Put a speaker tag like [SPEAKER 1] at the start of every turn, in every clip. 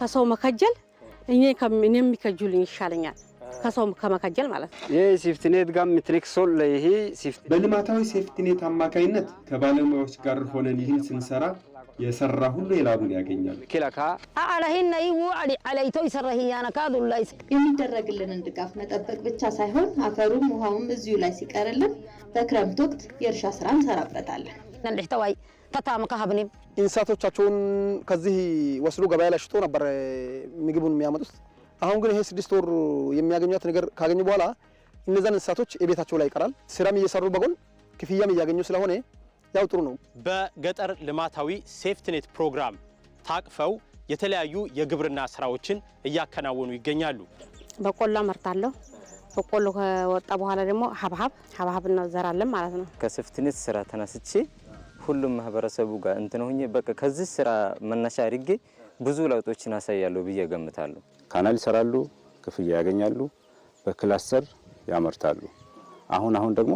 [SPEAKER 1] ከሰው መከጀል እኔ የሚከጁልኝ ይሻለኛል ከሰው ከመከጀል ማለት ነው።
[SPEAKER 2] ይህ ሴፍቲኔት ጋር ምትሪክ ሶል ይሄ
[SPEAKER 3] በልማታዊ ሴፍቲኔት አማካኝነት ከባለሙያዎች ጋር ሆነን ይህን ስንሰራ የሰራ ሁሉ የላቡን ያገኛል።
[SPEAKER 4] ኪለካ
[SPEAKER 1] አለሂነ ይው አለይተው ይሰራህያነ ካዱላይ
[SPEAKER 5] የሚደረግልንን ድጋፍ መጠበቅ ብቻ ሳይሆን አፈሩም ውሃውም እዚሁ ላይ ሲቀርልን በክረምት ወቅት የእርሻ ስራ እንሰራበታለን።
[SPEAKER 1] ተታም ከሀብኔም
[SPEAKER 6] እንስሳቶቻቸውን ከዚህ ወስዶ ገበያ ላይ ሽጦ ነበር ምግቡን የሚያመጡት። አሁን ግን ይሄ ስድስት ወር የሚያገኟት ነገር ካገኙ በኋላ እነዛን እንስሳቶች የቤታቸው ላይ ይቀራል። ስራም እየሰሩ በጎን ክፍያም እያገኙ ስለሆነ ያው ጥሩ ነው።
[SPEAKER 7] በገጠር ልማታዊ ሴፍትኔት ፕሮግራም ታቅፈው የተለያዩ የግብርና ስራዎችን እያከናወኑ ይገኛሉ።
[SPEAKER 1] በቆሎ አመርታለሁ። በቆሎ ከወጣ በኋላ ደግሞ ሀብሀብ ሀብሀብ እንዘራለን ማለት ነው።
[SPEAKER 8] ከሴፍትኔት ስራ ተነስቼ ሁሉም ማህበረሰቡ ጋር እንትን ሆኜ በቃ ከዚህ ስራ መነሻ አድርጌ ብዙ ለውጦችን አሳያለሁ ብዬ ገምታለሁ።
[SPEAKER 9] ካናል ይሰራሉ፣ ክፍያ ያገኛሉ፣ በክላስተር ያመርታሉ። አሁን አሁን ደግሞ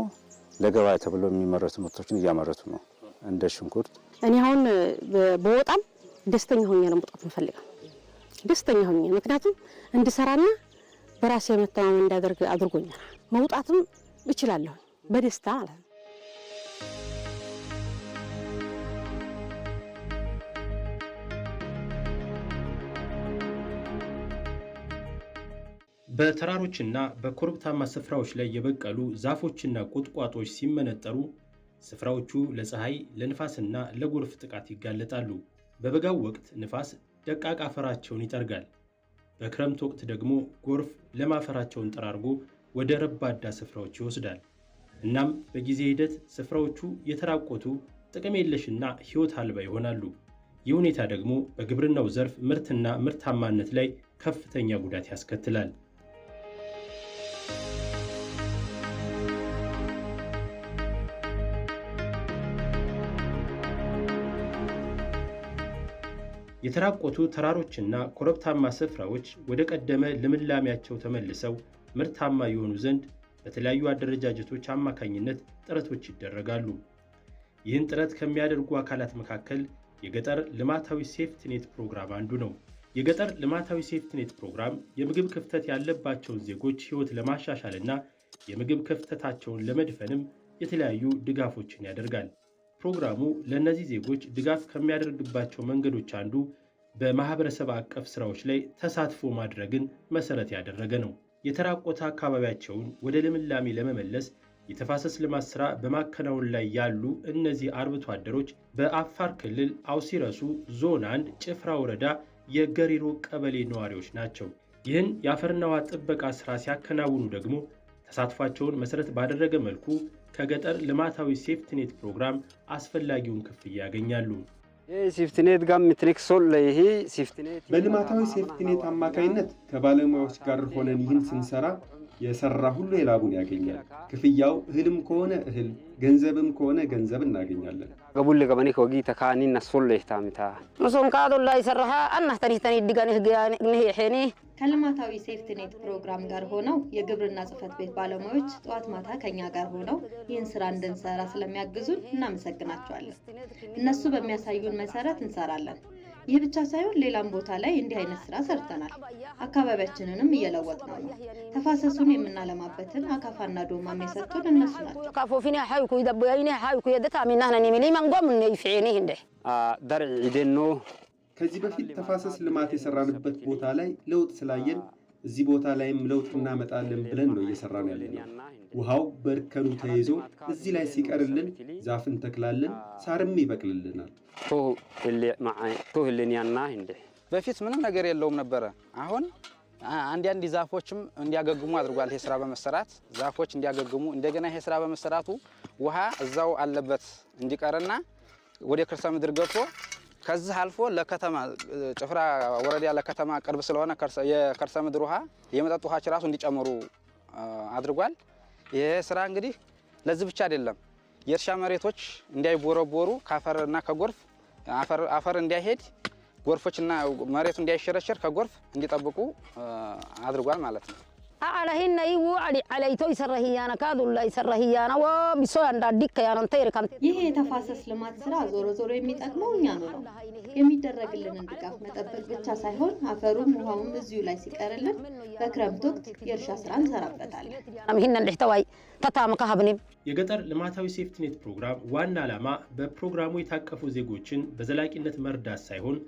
[SPEAKER 9] ለገበያ ተብሎ የሚመረቱ ምርቶችን እያመረቱ ነው፣ እንደ ሽንኩርት።
[SPEAKER 1] እኔ አሁን በወጣም ደስተኛ ሆኜ ነው መውጣት የምፈልገው፣ ደስተኛ ሆኜ ምክንያቱም እንድሰራና በራሴ መተማመን እንዳደርግ አድርጎኛል። መውጣትም እችላለሁ በደስታ ማለት ነው።
[SPEAKER 7] በተራሮችና በኮረብታማ ስፍራዎች ላይ የበቀሉ ዛፎችና ቁጥቋጦዎች ሲመነጠሩ ስፍራዎቹ ለፀሐይ ለንፋስና ለጎርፍ ጥቃት ይጋለጣሉ። በበጋው ወቅት ንፋስ ደቃቅ አፈራቸውን ይጠርጋል። በክረምት ወቅት ደግሞ ጎርፍ ለም አፈራቸውን ጠራርጎ ወደ ረባዳ ስፍራዎች ይወስዳል። እናም በጊዜ ሂደት ስፍራዎቹ የተራቆቱ ጥቅም የለሽና ሕይወት አልባ ይሆናሉ። ይህ ሁኔታ ደግሞ በግብርናው ዘርፍ ምርትና ምርታማነት ላይ ከፍተኛ ጉዳት ያስከትላል። የተራቆቱ ተራሮችና ኮረብታማ ስፍራዎች ወደ ቀደመ ልምላሜያቸው ተመልሰው ምርታማ የሆኑ ዘንድ በተለያዩ አደረጃጀቶች አማካኝነት ጥረቶች ይደረጋሉ። ይህን ጥረት ከሚያደርጉ አካላት መካከል የገጠር ልማታዊ ሴፍትኔት ፕሮግራም አንዱ ነው። የገጠር ልማታዊ ሴፍትኔት ፕሮግራም የምግብ ክፍተት ያለባቸውን ዜጎች ሕይወት ለማሻሻልና የምግብ ክፍተታቸውን ለመድፈንም የተለያዩ ድጋፎችን ያደርጋል። ፕሮግራሙ ለእነዚህ ዜጎች ድጋፍ ከሚያደርግባቸው መንገዶች አንዱ በማህበረሰብ አቀፍ ስራዎች ላይ ተሳትፎ ማድረግን መሰረት ያደረገ ነው። የተራቆተ አካባቢያቸውን ወደ ልምላሜ ለመመለስ የተፋሰስ ልማት ስራ በማከናወን ላይ ያሉ እነዚህ አርብቶ አደሮች በአፋር ክልል አውሲረሱ ዞን አንድ ጭፍራ ወረዳ የገሪሮ ቀበሌ ነዋሪዎች ናቸው። ይህን የአፈርና ውሃ ጥበቃ ስራ ሲያከናውኑ ደግሞ ተሳትፏቸውን መሰረት ባደረገ መልኩ ከገጠር ልማታዊ ሴፍትኔት ፕሮግራም አስፈላጊውን ክፍያ ያገኛሉ።
[SPEAKER 2] ጋር
[SPEAKER 3] በልማታዊ ሴፍትኔት አማካኝነት ከባለሙያዎች ጋር ሆነን ይህን ስንሰራ የሰራ ሁሉ የላቡን ያገኛል። ክፍያው እህልም ከሆነ እህል፣ ገንዘብም ከሆነ ገንዘብ እናገኛለን።
[SPEAKER 4] ገቡል ገበኒ ከወጊ ተካኒ ነሶለ ታሚታ
[SPEAKER 1] ምሶም ካዶላ ይሰራሃ አናህተኒህተኒ ድጋ ንህግ ንህሄኔ
[SPEAKER 5] ከልማታዊ ሴፍትኔት ፕሮግራም ጋር ሆነው የግብርና ጽፈት ቤት ባለሙያዎች ጠዋት ማታ ከኛ ጋር ሆነው ይህን ስራ እንድንሰራ ስለሚያግዙን እናመሰግናቸዋለን። እነሱ በሚያሳዩን መሰረት እንሰራለን። ይህ ብቻ ሳይሆን ሌላም ቦታ ላይ እንዲህ አይነት ስራ ሰርተናል። አካባቢያችንንም እየለወጥ ነው ነው ተፋሰሱን የምናለማበትን አካፋና ዶማም የሰጡን እነሱ ናቸው።
[SPEAKER 7] ከዚህ በፊት ተፋሰስ ልማት የሰራንበት ቦታ ላይ ለውጥ ስላየን እዚህ ቦታ ላይም ለውጥ እናመጣለን ብለን ነው እየሰራን ያለነው። ውሃው በእርከኑ ተይዞ እዚህ ላይ ሲቀርልን ዛፍ እንተክላለን፣ ሳርም ይበቅልልናል።
[SPEAKER 4] በፊት ምንም ነገር የለውም ነበረ። አሁን አንዳንድ ዛፎችም እንዲያገግሙ አድርጓል። ይሄ ስራ በመሰራት ዛፎች እንዲያገግሙ እንደገና ይሄ ስራ በመሰራቱ ውሃ እዛው አለበት እንዲቀርና ወደ ከርሰ ምድር ገብቶ ከዚህ አልፎ ለከተማ ጭፍራ ወረዳ ለከተማ ቅርብ ስለሆነ የከርሰ ምድር ውሃ የመጠጥ ውሃች ራሱ እንዲጨምሩ አድርጓል። ይሄ ስራ እንግዲህ ለዚህ ብቻ አይደለም። የእርሻ መሬቶች እንዳይቦረቦሩ ከአፈርና ከጎርፍ አፈር እንዳይሄድ ጎርፎችና መሬቱ እንዳይሸረሸር ከጎርፍ እንዲጠብቁ አድርጓል ማለት ነው።
[SPEAKER 1] acalahinna i wu ዐለይቶ ይሰረህያነ ካዱላ ይሰረህያነ ወ ቢሶ አንዳዲከ ያነንተ ይርካም
[SPEAKER 5] ይሄ የተፋሰስ ልማት ስራ ዞሮ ዞሮ የሚጠቅመው እኛኑ ነው። የሚደረግልንን ድጋፍ መጠበቅ ብቻ ሳይሆን አፈሩም ውሃውም እዚሁ ላይ ሲቀርልን በክረምት ወቅት የእርሻ ስራ እንሰራበታለን።
[SPEAKER 1] አምሂና እንድሕተዋይ ተታምካ ሀብኔም
[SPEAKER 7] የገጠር ልማታዊ ሴፍቲኔት ፕሮግራም ዋና ዓላማ በፕሮግራሙ የታቀፉ ዜጎችን በዘላቂነት መርዳት ሳይሆን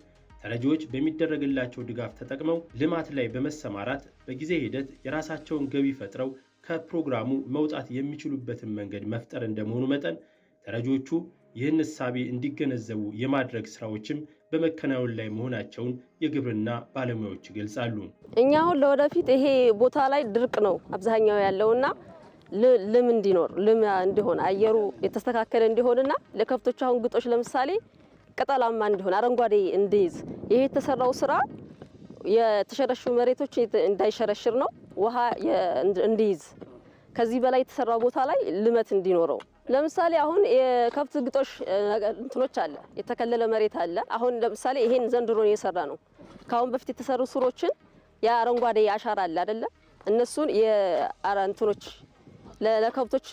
[SPEAKER 7] ተረጂዎች በሚደረግላቸው ድጋፍ ተጠቅመው ልማት ላይ በመሰማራት በጊዜ ሂደት የራሳቸውን ገቢ ፈጥረው ከፕሮግራሙ መውጣት የሚችሉበትን መንገድ መፍጠር እንደመሆኑ መጠን ተረጂዎቹ ይህን እሳቤ እንዲገነዘቡ የማድረግ ስራዎችም በመከናወን ላይ መሆናቸውን የግብርና ባለሙያዎች ይገልጻሉ።
[SPEAKER 1] እኛ አሁን ለወደፊት ይሄ ቦታ ላይ ድርቅ ነው አብዛኛው ያለውና ልም እንዲኖር ልም እንዲሆን አየሩ የተስተካከለ እንዲሆንና ለከብቶቹ አሁን ግጦሽ ለምሳሌ ቅጠላማ እንዲሆን አረንጓዴ እንዲይዝ ይሄ የተሰራው ስራ የተሸረሹ መሬቶች እንዳይሸረሽር ነው፣ ውሃ እንዲይዝ ከዚህ በላይ የተሰራው ቦታ ላይ ልመት እንዲኖረው ለምሳሌ አሁን የከብት ግጦሽ እንትኖች አለ፣ የተከለለ መሬት አለ። አሁን ለምሳሌ ይሄን ዘንድሮ የሰራ ነው። ከአሁን በፊት የተሰሩ ስሮችን የአረንጓዴ አሻራ አለ አይደለ? እነሱን የአረንትኖች ለከብቶች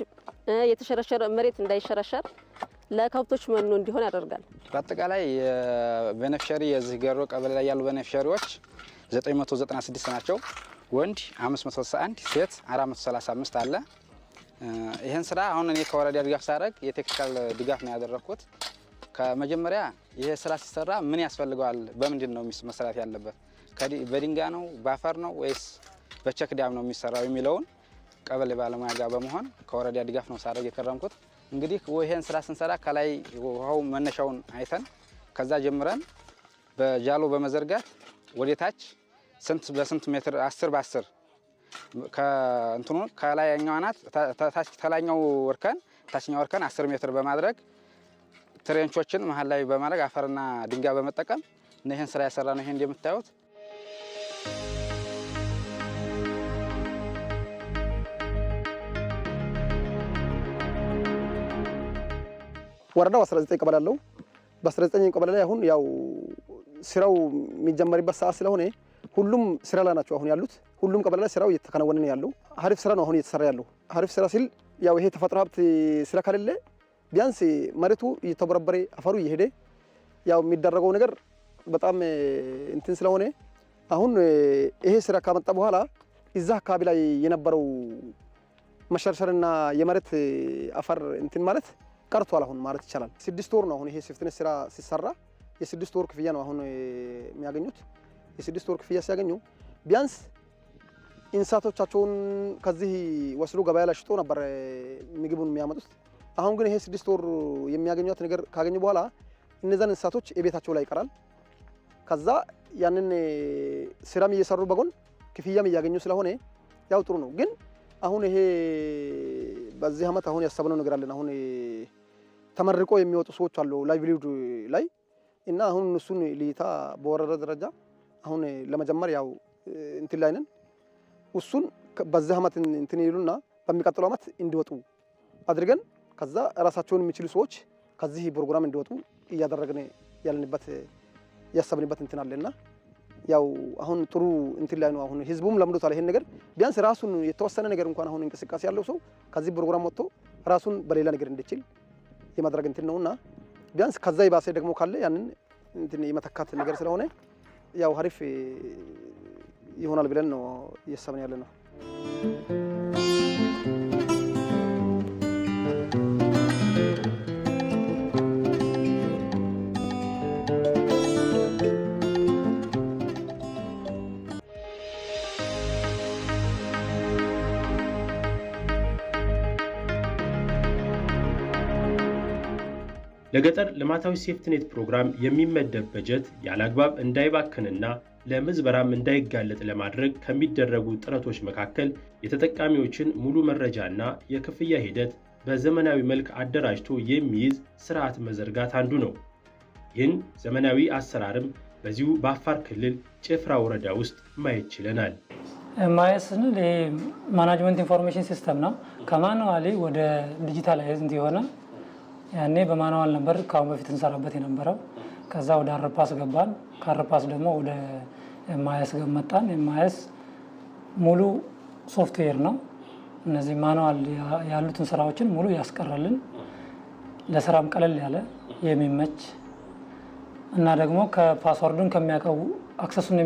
[SPEAKER 1] የተሸረሸረ መሬት እንዳይሸረሸር ለከብቶች መኖ እንዲሆን ያደርጋል።
[SPEAKER 4] በአጠቃላይ ቤኔፊሻሪ የዚህ ገሮ ቀበሌ ላይ ያሉ ቤኔፊሻሪዎች 996 ናቸው። ወንድ 561 ሴት 435 አለ። ይህን ስራ አሁን እኔ ከወረዳ ድጋፍ ሳደርግ የቴክኒካል ድጋፍ ነው ያደረግኩት። ከመጀመሪያ ይህ ስራ ሲሰራ ምን ያስፈልገዋል? በምንድን ነው መሰራት ያለበት? በድንጋይ ነው በአፈር ነው ወይስ በቸክ ዳም ነው የሚሰራው የሚለውን ቀበሌ ባለሙያ ጋር በመሆን ከወረዳ ድጋፍ ነው ሳደርግ የከረምኩት። እንግዲህ ይሄን ስራ ስንሰራ ከላይ ውሃው መነሻውን አይተን ከዛ ጀምረን በጃሎ በመዘርጋት ወደታች ስንት በስንት ሜትር አስር በአስር ከእንትኑ ከላይኛው አናት ተላኛው እርከን ታችኛው እርከን አስር ሜትር በማድረግ ትሬንቾችን መሀል ላይ በማድረግ አፈርና ድንጋይ በመጠቀም ይህን ስራ የሰራ ነው። ይሄ እንደምታዩት
[SPEAKER 6] ወረዳው 19 ቀበሌ አለው። በ19 ቀበሌ ላይ አሁን ያው ስራው የሚጀመርበት ሰዓት ስለሆነ ሁሉም ስራ ላይ ናቸው አሁን ያሉት። ሁሉም ቀበሌ ላይ ስራው እየተከናወነ ነው ያለው። አሪፍ ስራ ነው አሁን እየተሰራ ያለው። አሪፍ ስራ ሲል ያው ይሄ ተፈጥሮ ሀብት ስራ ከሌለ ቢያንስ መሬቱ እየተቦረበረ አፈሩ እየሄደ ያው የሚደረገው ነገር በጣም እንትን ስለሆነ አሁን ይሄ ስራ ካመጣ በኋላ እዛ አካባቢ ላይ የነበረው መሸርሸርና የመሬት አፈር እንትን ማለት ቀርቷል አሁን ማለት ይቻላል። ስድስት ወር ነው አሁን ይሄ ሴፍትኔት ስራ ሲሰራ የስድስት ወር ክፍያ ነው አሁን የሚያገኙት። የስድስት ወር ክፍያ ሲያገኙ ቢያንስ እንስሳቶቻቸውን ከዚህ ወስዶ ገበያ ላይ ሽጦ ነበር ምግቡን የሚያመጡት። አሁን ግን ይሄ ስድስት ወር የሚያገኙት ነገር ካገኙ በኋላ እነዛን እንስሳቶች የቤታቸው ላይ ይቀራል። ከዛ ያንን ስራም እየሰሩ በጎን ክፍያም እያገኙ ስለሆነ ያው ጥሩ ነው። ግን አሁን ይሄ በዚህ አመት አሁን ያሰብነው ነገር አለን አሁን ተመርቆ የሚወጡ ሰዎች አሉ ላይቪሊድ ላይ እና አሁን እሱን ልይታ በወረደ ደረጃ አሁን ለመጀመር ያው እንትን ላይ ነን። እሱን በዚህ አመት እንትን ይሉና በሚቀጥለው አመት እንዲወጡ አድርገን ከዛ ራሳቸውን የሚችሉ ሰዎች ከዚህ ፕሮግራም እንዲወጡ እያደረግን ያለንበት ያሰብንበት እንትን አለና ያው አሁን ጥሩ እንትን ላይ ነው። አሁን ህዝቡም ለምዶታል ይሄን ነገር ቢያንስ ራሱን የተወሰነ ነገር እንኳን አሁን እንቅስቃሴ ያለው ሰው ከዚህ ፕሮግራም ወጥቶ ራሱን በሌላ ነገር እንዲችል የማድረግ እንትን ነውና ቢያንስ ከዛ ባሴ ደግሞ ካለ ያንን እንትን የመተካት ነገር ስለሆነ ያው አሪፍ ይሆናል ብለን ነው እየሰብን ያለ ነው።
[SPEAKER 7] ለገጠር ልማታዊ ሴፍትኔት ፕሮግራም የሚመደብ በጀት ያለአግባብ እንዳይባክንና ለምዝበራም እንዳይጋለጥ ለማድረግ ከሚደረጉ ጥረቶች መካከል የተጠቃሚዎችን ሙሉ መረጃና የክፍያ ሂደት በዘመናዊ መልክ አደራጅቶ የሚይዝ ስርዓት መዘርጋት አንዱ ነው። ይህን ዘመናዊ አሰራርም በዚሁ በአፋር ክልል ጭፍራ ወረዳ ውስጥ ማየት ችለናል።
[SPEAKER 10] ማየት ስንል ማናጅመንት ኢንፎርሜሽን ሲስተም ነው። ከማኑዋሊ ወደ ዲጂታላይዝ እንዲሆነ ያኔ በማንዋል ነበር ከአሁን በፊት እንሰራበት የነበረው። ከዛ ወደ አረፓስ ገባን። ከአረፓስ ደግሞ ወደ ማየስ መጣን። ማየስ ሙሉ ሶፍትዌር ነው። እነዚህ ማንዋል ያሉትን ስራዎችን ሙሉ ያስቀረልን፣ ለስራም ቀለል ያለ የሚመች እና ደግሞ ከፓስወርዱን ከሚያውቀው አክሰሱን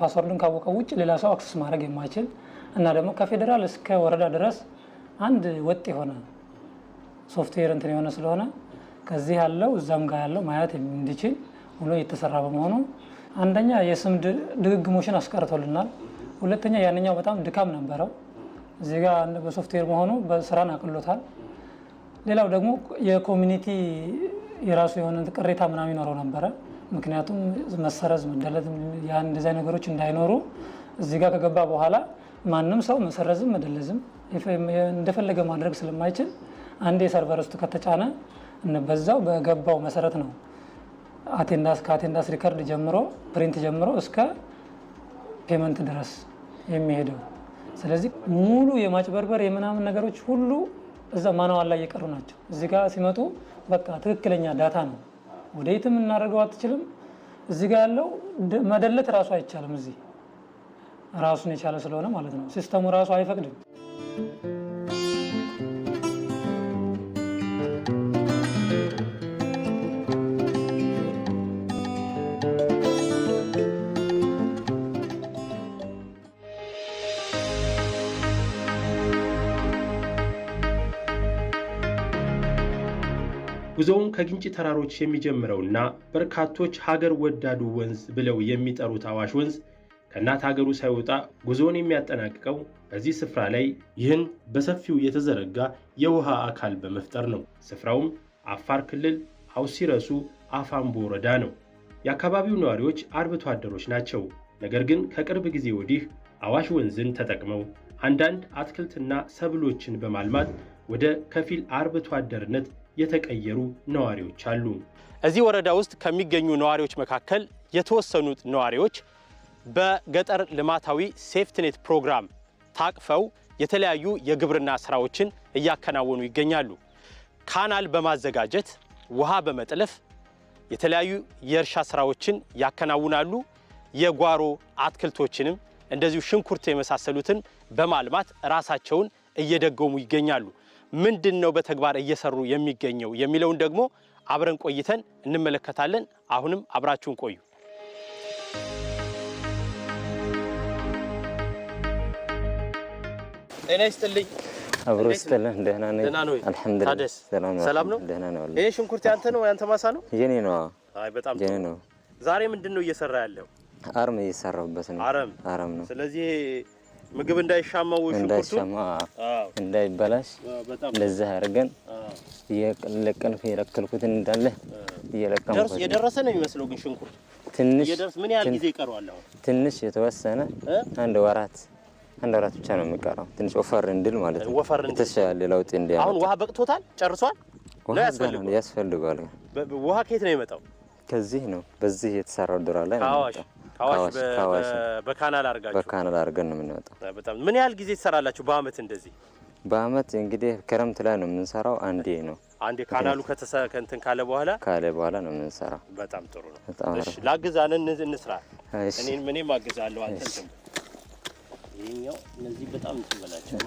[SPEAKER 10] ፓስወርዱን ካወቀው ውጭ ሌላ ሰው አክሰስ ማድረግ የማይችል እና ደግሞ ከፌዴራል እስከ ወረዳ ድረስ አንድ ወጥ የሆነ ሶፍትዌር እንትን የሆነ ስለሆነ ከዚህ ያለው እዛም ጋር ያለው ማየት እንዲችል ብሎ እየተሰራ በመሆኑ አንደኛ የስም ድግግሞሽን አስቀርቶልናል። ሁለተኛ ያንኛው በጣም ድካም ነበረው፣ እዚህ ጋር በሶፍትዌር መሆኑ በስራን አቅሎታል። ሌላው ደግሞ የኮሚኒቲ የራሱ የሆነ ቅሬታ ምናምን ይኖረው ነበረ። ምክንያቱም መሰረዝ፣ መደለት እንደዚያ ነገሮች እንዳይኖሩ እዚህ ጋር ከገባ በኋላ ማንም ሰው መሰረዝም መደለዝም እንደፈለገ ማድረግ ስለማይችል አንዴ ሰርቨር ውስጥ ከተጫነ በዛው በገባው መሰረት ነው አቴንዳስ ከአቴንዳስ ሪከርድ ጀምሮ ፕሪንት ጀምሮ እስከ ፔመንት ድረስ የሚሄደው። ስለዚህ ሙሉ የማጭበርበር የምናምን ነገሮች ሁሉ እዛ ማናዋል ላይ የቀሩ ናቸው። እዚህ ጋ ሲመጡ በቃ ትክክለኛ ዳታ ነው። ወደ የትም እናደርገው አትችልም። እዚህ ጋ ያለው መደለት ራሱ አይቻልም። እዚህ ራሱን የቻለ ስለሆነ ማለት ነው ሲስተሙ ራሱ አይፈቅድም።
[SPEAKER 7] ጉዞውን ከግንጭ ተራሮች የሚጀምረውና በርካቶች ሀገር ወዳዱ ወንዝ ብለው የሚጠሩት አዋሽ ወንዝ ከእናት ሀገሩ ሳይወጣ ጉዞውን የሚያጠናቅቀው በዚህ ስፍራ ላይ ይህን በሰፊው የተዘረጋ የውሃ አካል በመፍጠር ነው። ስፍራውም አፋር ክልል አውሲረሱ አፋምቦ ወረዳ ነው። የአካባቢው ነዋሪዎች አርብቶ አደሮች ናቸው። ነገር ግን ከቅርብ ጊዜ ወዲህ አዋሽ ወንዝን ተጠቅመው አንዳንድ አትክልትና ሰብሎችን በማልማት ወደ ከፊል አርብቶ አደርነት የተቀየሩ ነዋሪዎች አሉ። እዚህ ወረዳ ውስጥ ከሚገኙ ነዋሪዎች መካከል የተወሰኑት ነዋሪዎች በገጠር ልማታዊ ሴፍትኔት ፕሮግራም ታቅፈው የተለያዩ የግብርና ስራዎችን እያከናወኑ ይገኛሉ። ካናል በማዘጋጀት ውሃ በመጥለፍ የተለያዩ የእርሻ ስራዎችን ያከናውናሉ። የጓሮ አትክልቶችንም እንደዚሁ ሽንኩርት የመሳሰሉትን በማልማት ራሳቸውን እየደገሙ ይገኛሉ። ምንድን ነው በተግባር እየሰሩ የሚገኘው የሚለውን ደግሞ አብረን ቆይተን እንመለከታለን። አሁንም አብራችሁን ቆዩ።
[SPEAKER 4] ጤና ይስጥልኝ።
[SPEAKER 8] አብሮ ደህና ነኝ።
[SPEAKER 4] አልሐምዱሊላህ። ሰላም ነው። ደህና ነው። ይሄ ሽንኩርት ያንተ ነው? ያንተ ማሳ ነው? የኔ ነው። አይ በጣም ነው። ዛሬ ምንድን ነው እየሰራ ያለው?
[SPEAKER 8] አረም እየሰራሁበት ነው።
[SPEAKER 4] አረም አረም ነው። ስለዚህ ምግብ እንዳይሻማው
[SPEAKER 8] ሽንኩርቱ እንዳይበላሽ እንደዚህ አድርገን እየለቀምኩ የለከልኩትን እንዳለ እየለቀምኩ
[SPEAKER 4] የደረሰ ነው የሚመስለው። ግን ሽንኩርት ትንሽ ምን ያህል ጊዜ ይቀረዋል?
[SPEAKER 8] ትንሽ የተወሰነ አንድ ወራት አንድ ወራት ብቻ ነው የሚቀረው። ትንሽ ወፈር እንድል ማለት ነው።
[SPEAKER 4] ወፈር እንድል የተሻለ ለውጥ እንዲያመጣ። አሁን ውሃ በቅቶታል፣ ጨርሷል።
[SPEAKER 8] ያስፈልገዋል።
[SPEAKER 4] ውሃ ከየት ነው የመጣው?
[SPEAKER 8] ከዚህ ነው። በዚህ የተሰራው ድራ ላይ
[SPEAKER 4] ነው። ከአዋሽ በካናል አድርጋችሁ
[SPEAKER 8] በካናል አድርገን ነው የምንወጣው።
[SPEAKER 4] በጣም ምን ያህል ጊዜ ትሰራላችሁ በአመት እንደዚህ?
[SPEAKER 8] በአመት እንግዲህ ክረምት ላይ ነው የምንሰራው። አንዴ ነው
[SPEAKER 4] አንዴ ካናሉ ከእንትን ካለ በኋላ
[SPEAKER 8] ካለ በኋላ ነው የምንሰራው።
[SPEAKER 4] በጣም ጥሩ ነው። እሺ ላግዛን እንስራ። እኔም እኔም አግዛለሁ። አንተ ይሄኛው እነዚህ በጣም እንትን በላቸው።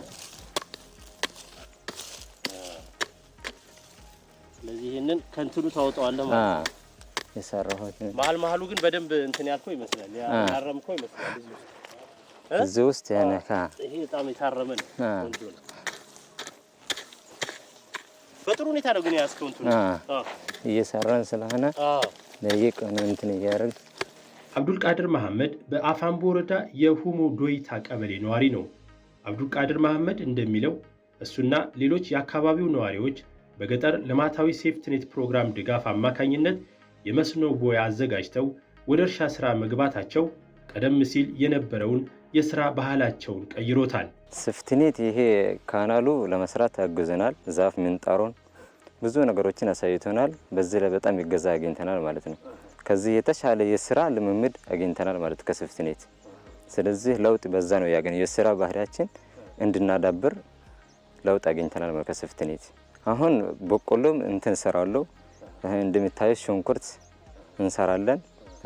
[SPEAKER 4] ስለዚህ ይሄንን ከእንትኑ ታወጣዋለህ
[SPEAKER 8] ማለት ነው የሰራሁት።
[SPEAKER 4] መሀል መሀሉ ግን በደንብ እንትን ያልከው ይመስላል፣ ያረምከው ይመስላል። እዚህ ውስጥ ይሄ በጣም የታረመ ነው። በጥሩ ሁኔታ ነው ግን የያዝከው። እንትን
[SPEAKER 8] እየሰራን ስለሆነ ለየቀኑ እንትን
[SPEAKER 7] አብዱልቃድር መሐመድ በአፋምቦ ወረዳ የሁሞ ዶይታ ቀበሌ ነዋሪ ነው። አብዱልቃድር መሐመድ እንደሚለው እሱና ሌሎች የአካባቢው ነዋሪዎች በገጠር ልማታዊ ሴፍትኔት ፕሮግራም ድጋፍ አማካኝነት የመስኖ ቦይ አዘጋጅተው ወደ እርሻ ስራ መግባታቸው ቀደም ሲል የነበረውን የስራ ባህላቸውን ቀይሮታል።
[SPEAKER 8] ስፍትኔት ይሄ ካናሉ ለመስራት ያግዘናል። ዛፍ ምንጣሮን ብዙ ነገሮችን አሳይቶናል። በዚህ ላይ በጣም ይገዛ አግኝተናል ማለት ነው። ከዚህ የተሻለ የስራ ልምምድ አግኝተናል ማለት ከስፍትኔት። ስለዚህ ለውጥ በዛ ነው ያገኘ የስራ ባህሪያችን እንድናዳብር ለውጥ አግኝተናል ማለት ከስፍትኔት። አሁን በቆሎም እንትን ሰራለሁ እንደሚታየው ሽንኩርት እንሰራለን።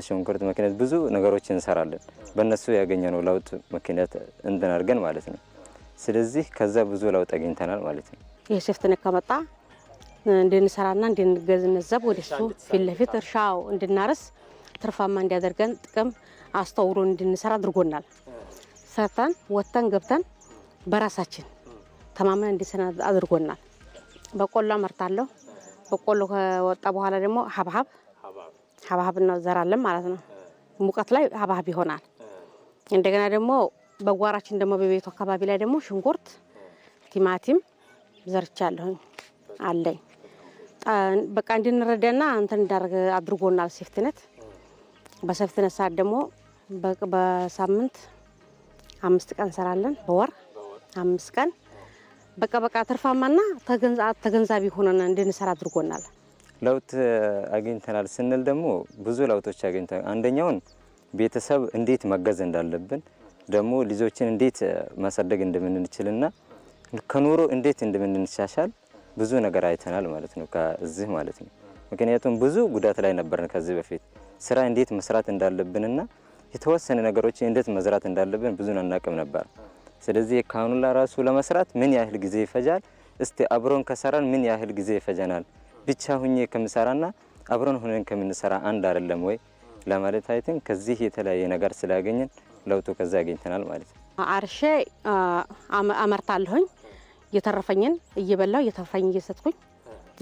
[SPEAKER 8] ሽንኩርት ምክንያት ብዙ ነገሮች እንሰራለን። በእነሱ ያገኘነው ለውጥ ምክንያት እንድናርገን አድርገን ማለት ነው። ስለዚህ ከዛ ብዙ ለውጥ አግኝተናል ማለት ነው።
[SPEAKER 1] ይህ ሴፍትነት ከመጣ እንድንሰራና እንድንገነዘብ ወደሱ ፊት ለፊት እርሻው እንድናርስ ትርፋማ እንዲያደርገን ጥቅም አስተውሮ እንድንሰራ አድርጎናል። ሰርተን ወጥተን ገብተን በራሳችን ተማምነን እንድንሰራ አድርጎናል። በቆሎ አመርታለሁ፣ በቆሎ ከወጣ በኋላ ደግሞ ሀብሀብ ሀብሀብ እናዘራለን ማለት ነው። ሙቀት ላይ ሀብሀብ ይሆናል። እንደገና ደግሞ በጓራችን ደግሞ በቤቱ አካባቢ ላይ ደግሞ ሽንኩርት፣ ቲማቲም ዘርቻለሁኝ አለኝ። በቃ እንድንረዳና እንትን እንዳደርግ አድርጎናል ሴፍትነት። በሴፍትነት ሰዓት ደግሞ በሳምንት አምስት ቀን እንሰራለን፣ በወር አምስት ቀን በቃ በቃ ትርፋማና ተገንዛቢ ሆነን እንድንሰራ አድርጎናል።
[SPEAKER 8] ለውጥ አግኝተናል ስንል ደግሞ ብዙ ለውጦች አግኝተናል። አንደኛውን ቤተሰብ እንዴት መገዝ እንዳለብን ደግሞ ልጆችን እንዴት ማሳደግ እንደምንችልና ከኑሮ እንዴት እንደምንሻሻል ብዙ ነገር አይተናል ማለት ነው ከዚህ ማለት ነው። ምክንያቱም ብዙ ጉዳት ላይ ነበርን ከዚህ በፊት ስራ እንዴት መስራት እንዳለብንና የተወሰነ ነገሮችን እንዴት መዝራት እንዳለብን ብዙን አናቅም ነበር። ስለዚህ የካኑላ ራሱ ለመስራት ምን ያህል ጊዜ ይፈጃል? እስቲ አብሮን ከሰራን ምን ያህል ጊዜ ይፈጀናል? ብቻ ሁኜ ከምሰራና አብሮን ሆነን ከምንሰራ አንድ አይደለም ወይ ለማለት አይትን ከዚህ የተለያየ ነገር ስላገኘን ለውጡ ከዛ አገኝተናል ማለት ነው።
[SPEAKER 1] አርሼ አመርታለሁኝ እየተረፈኝን እየበላው እየተረፈኝ እየሰጥኩኝ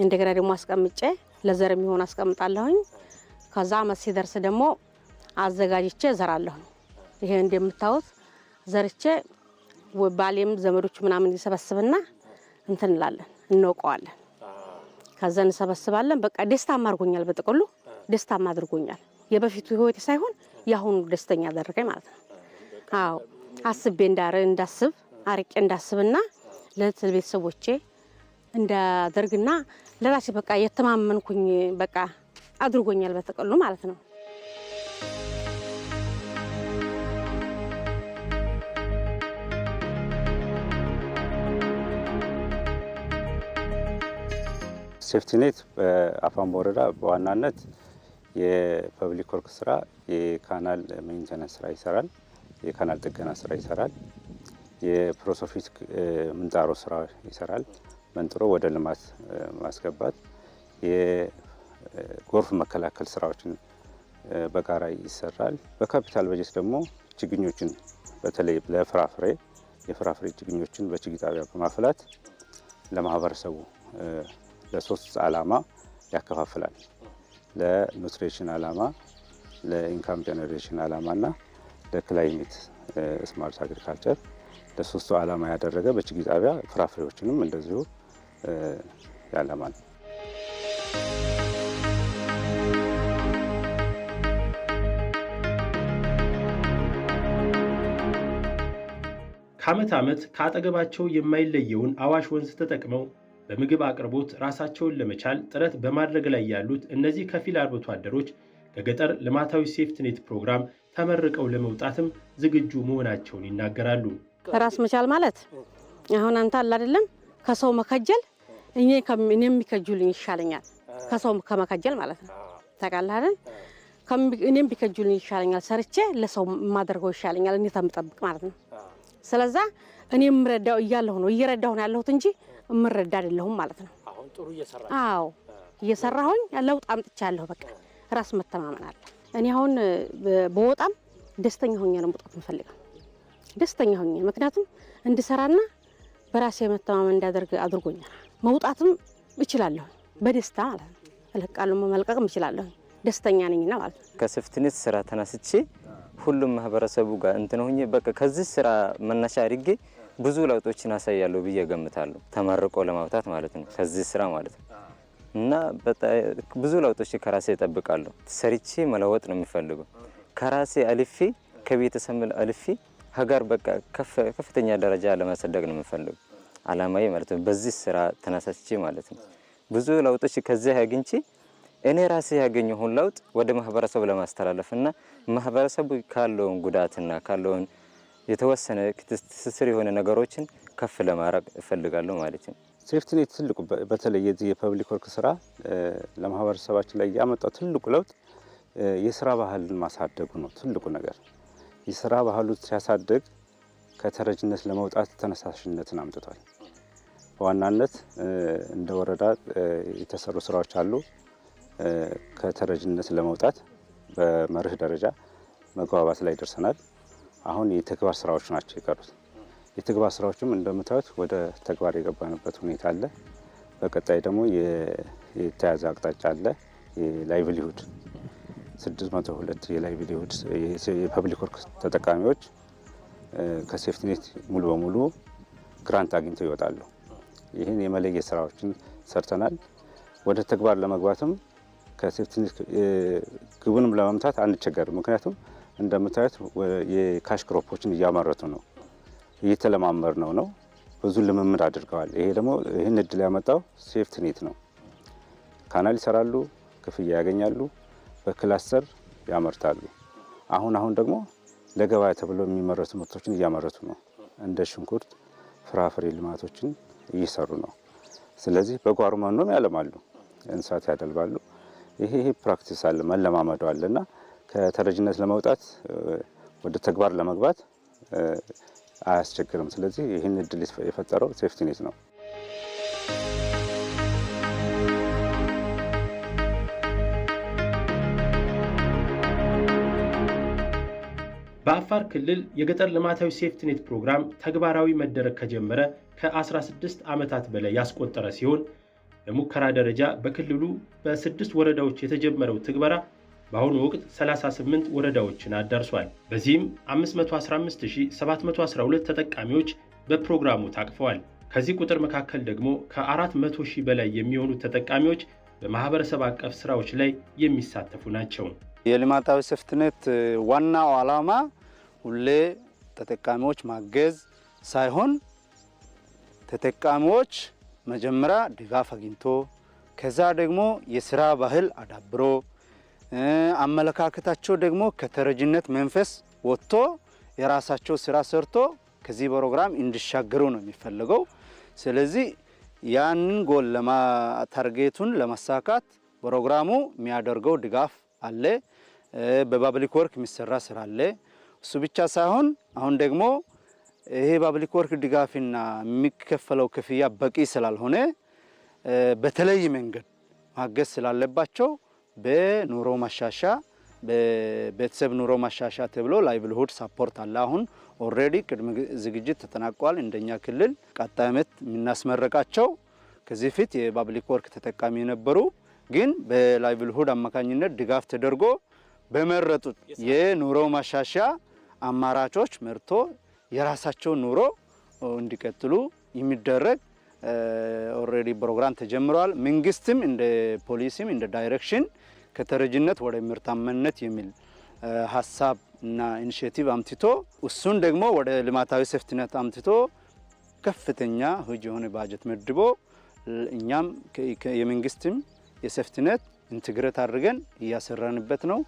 [SPEAKER 1] እንደገና ደግሞ አስቀምጬ ለዘር የሚሆን አስቀምጣለሁኝ። ከዛ አመት ሲደርስ ደግሞ አዘጋጅቼ ዘራለሁኝ። ይሄ እንደምታዩት ዘርቼ ባሌም ዘመዶቹ ምናምን ይሰበስብና እንትን እንላለን ከዛ እንሰበስባለን። በቃ ደስታ አድርጎኛል፣ በጥቅሉ ደስታ አድርጎኛል። የበፊቱ ህይወት ሳይሆን የአሁኑ ደስተኛ ያደረገኝ ማለት ነው። አዎ አስቤ እንዳስብ አርቄ እንዳስብና ለትል ቤተሰቦቼ እንዳደርግና ለራሴ በቃ የተማመንኩኝ በቃ አድርጎኛል፣ በጥቅሉ ማለት ነው።
[SPEAKER 9] ሴፍቲኔት በአፋን ወረዳ በዋናነት የፐብሊክ ወርክ ስራ፣ የካናል ሜንቴናንስ ስራ ይሰራል። የካናል ጥገና ስራ ይሰራል። የፕሮሶፊት ምንጣሮ ስራ ይሰራል። መንጥሮ ወደ ልማት ማስገባት የጎርፍ መከላከል ስራዎችን በጋራ ይሰራል። በካፒታል በጀት ደግሞ ችግኞችን በተለይ ለፍራፍሬ የፍራፍሬ ችግኞችን በችግኝ ጣቢያ በማፍላት ለማህበረሰቡ ለሶስት ዓላማ ያከፋፍላል። ለኑትሪሽን ዓላማ፣ ለኢንካም ጀኔሬሽን ዓላማ እና ለክላይሜት ስማርት አግሪካልቸር ለሶስቱ ዓላማ ያደረገ በችግኝ ጣቢያ ፍራፍሬዎችንም እንደዚሁ ነው።
[SPEAKER 7] ከዓመት ዓመት ከአጠገባቸው የማይለየውን አዋሽ ወንዝ ተጠቅመው በምግብ አቅርቦት ራሳቸውን ለመቻል ጥረት በማድረግ ላይ ያሉት እነዚህ ከፊል አርብቶ አደሮች ከገጠር ልማታዊ ሴፍትኔት ፕሮግራም ተመርቀው ለመውጣትም ዝግጁ መሆናቸውን ይናገራሉ።
[SPEAKER 1] ራስ መቻል ማለት አሁን አንተ አለ አይደለም ከሰው መከጀል እኔ የሚከጁልኝ ይሻለኛል፣ ከሰው ከመከጀል ማለት ነው። ታውቃለህ እኔም ቢከጁልኝ ይሻለኛል፣ ሰርቼ ለሰው የማደርገው ይሻለኛል፣ እኔ ተምጠብቅ ማለት ነው። ስለዛ እኔ የምረዳው እያለሁ ነው እየረዳሁ ነው ያለሁት እንጂ የምረዳ አይደለሁም ማለት ነው። አዎ እየሰራሁኝ ለውጥ አምጥቻለሁ። በቃ ራስ መተማመን አለ። እኔ አሁን በወጣም ደስተኛ ሆኜ ነው መውጣት የምፈልገው፣ ደስተኛ ሆኜ ምክንያቱም እንድሰራና በራሴ መተማመን እንዳደርግ አድርጎኛል። መውጣትም እችላለሁ በደስታ ማለት ነው። እለቃለሁ፣ መልቀቅም እችላለሁ። ደስተኛ ነኝና ማለት
[SPEAKER 8] ነው። ስራ ተነስቼ ሁሉም ማህበረሰቡ ጋር እንትን ሆኜ በቃ ከዚህ ስራ መነሻ አድርጌ ብዙ ለውጦችን አሳያለሁ ብዬ ገምታለሁ። ተመርቆ ለማውጣት ማለት ነው ከዚህ ስራ ማለት ነው። እና ብዙ ለውጦች ከራሴ እጠብቃለሁ። ሰርቼ መለወጥ ነው የሚፈልገው። ከራሴ አልፌ ከቤተሰብ አልፌ ሀገር በቃ ከፍተኛ ደረጃ ለማሰደግ ነው የምፈልገው አላማዬ ማለት ነው። በዚህ ስራ ተነሳስቼ ማለት ነው ብዙ ለውጦች ከዚህ አግኝቼ እኔ ራሴ ያገኘሁን ለውጥ ወደ ማህበረሰቡ ለማስተላለፍ ማህበረሰቡ ካለውን ጉዳትና ካለውን የተወሰነ ትስስር የሆነ ነገሮችን ከፍ ለማድረግ እፈልጋለሁ ማለት ነው።
[SPEAKER 9] ሴፍቲኔት ትልቁ በተለይ የዚህ የፐብሊክ ወርክ ስራ ለማህበረሰባችን ላይ ያመጣው ትልቁ ለውጥ የስራ ባህልን ማሳደጉ ነው። ትልቁ ነገር የስራ ባህሉ ሲያሳድግ ከተረጅነት ለመውጣት ተነሳሽነትን አምጥቷል። በዋናነት እንደ ወረዳ የተሰሩ ስራዎች አሉ። ከተረጅነት ለመውጣት በመርህ ደረጃ መግባባት ላይ ደርሰናል። አሁን የተግባር ስራዎች ናቸው የቀሩት። የተግባር ስራዎችም እንደምታዩት ወደ ተግባር የገባንበት ሁኔታ አለ። በቀጣይ ደግሞ የተያዘ አቅጣጫ አለ። የላይቭሊሁድ 602 የላይቭሊሁድ የፐብሊክ ወርክ ተጠቃሚዎች ከሴፍትኔት ሙሉ በሙሉ ግራንት አግኝተው ይወጣሉ። ይህን የመለየት ስራዎችን ሰርተናል። ወደ ተግባር ለመግባትም ከሴፍቲኔት ግቡንም ለማምታት አንቸገርም። ምክንያቱም እንደምታዩት የካሽ ክሮፖችን እያመረቱ ነው፣ እየተለማመር ነው ነው ብዙ ልምምድ አድርገዋል። ይሄ ደግሞ ይህን እድል ያመጣው ሴፍትኔት ነው። ካናል ይሰራሉ፣ ክፍያ ያገኛሉ፣ በክላስተር ያመርታሉ። አሁን አሁን ደግሞ ለገበያ ተብሎ የሚመረቱ ምርቶችን እያመረቱ ነው። እንደ ሽንኩርት፣ ፍራፍሬ ልማቶችን እየሰሩ ነው። ስለዚህ በጓሮ መኖም ያለማሉ፣ እንስሳት ያደልባሉ። ይሄ ይሄ ፕራክቲስ አለ መለማመዱ አለ እና ከተረጅነት ለመውጣት ወደ ተግባር ለመግባት አያስቸግርም። ስለዚህ ይህን እድል የፈጠረው ሴፍቲኔት ነው።
[SPEAKER 7] በአፋር ክልል የገጠር ልማታዊ ሴፍትኔት ፕሮግራም ተግባራዊ መደረግ ከጀመረ ከ16 ዓመታት በላይ ያስቆጠረ ሲሆን በሙከራ ደረጃ በክልሉ በስድስት ወረዳዎች የተጀመረው ትግበራ በአሁኑ ወቅት 38 ወረዳዎችን አዳርሷል። በዚህም 515712 ተጠቃሚዎች በፕሮግራሙ ታቅፈዋል። ከዚህ ቁጥር መካከል ደግሞ ከ400 ሺህ በላይ የሚሆኑ ተጠቃሚዎች በማህበረሰብ አቀፍ ስራዎች ላይ የሚሳተፉ ናቸው።
[SPEAKER 4] የልማታዊ ሰፍትነት ዋናው ዓላማ ሁሌ ተጠቃሚዎች ማገዝ ሳይሆን ተጠቃሚዎች መጀመሪያ ድጋፍ አግኝቶ ከዛ ደግሞ የስራ ባህል አዳብሮ አመለካከታቸው ደግሞ ከተረጅነት መንፈስ ወጥቶ የራሳቸው ስራ ሰርቶ ከዚህ ፕሮግራም እንዲሻገሩ ነው የሚፈለገው። ስለዚህ ያንን ጎል ለታርጌቱን ለማሳካት ፕሮግራሙ የሚያደርገው ድጋፍ አለ። በፓብሊክ ወርክ የሚሰራ ስራ አለ። እሱ ብቻ ሳይሆን አሁን ደግሞ ይሄ ፐብሊክ ወርክ ድጋፍና የሚከፈለው ክፍያ በቂ ስላልሆነ በተለይ መንገድ ማገዝ ስላለባቸው በኑሮ ማሻሻ በቤተሰብ ኑሮ ማሻሻ ተብሎ ላይቭሊሁድ ሳፖርት አለ። አሁን ኦልሬዲ ቅድመ ዝግጅት ተጠናቋል። እንደኛ ክልል ቀጣይ ዓመት የምናስመረቃቸው ከዚህ ፊት የፐብሊክ ወርክ ተጠቃሚ የነበሩ ግን በላይቭሊሁድ አማካኝነት ድጋፍ ተደርጎ በመረጡት የኑሮ ማሻሻ አማራጮች መርቶ የራሳቸውን ኑሮ እንዲቀጥሉ የሚደረግ ኦልሬዲ ፕሮግራም ተጀምረዋል። መንግስትም እንደ ፖሊሲም እንደ ዳይሬክሽን ከተረጅነት ወደ ምርታማነት የሚል ሀሳብ እና ኢኒሽቲቭ አምትቶ እሱን ደግሞ ወደ ልማታዊ ሰፍትነት አምትቶ ከፍተኛ ህጅ የሆነ ባጀት መድቦ እኛም የመንግስትም የሰፍትነት ኢንትግሬት አድርገን እያሰራንበት ነው።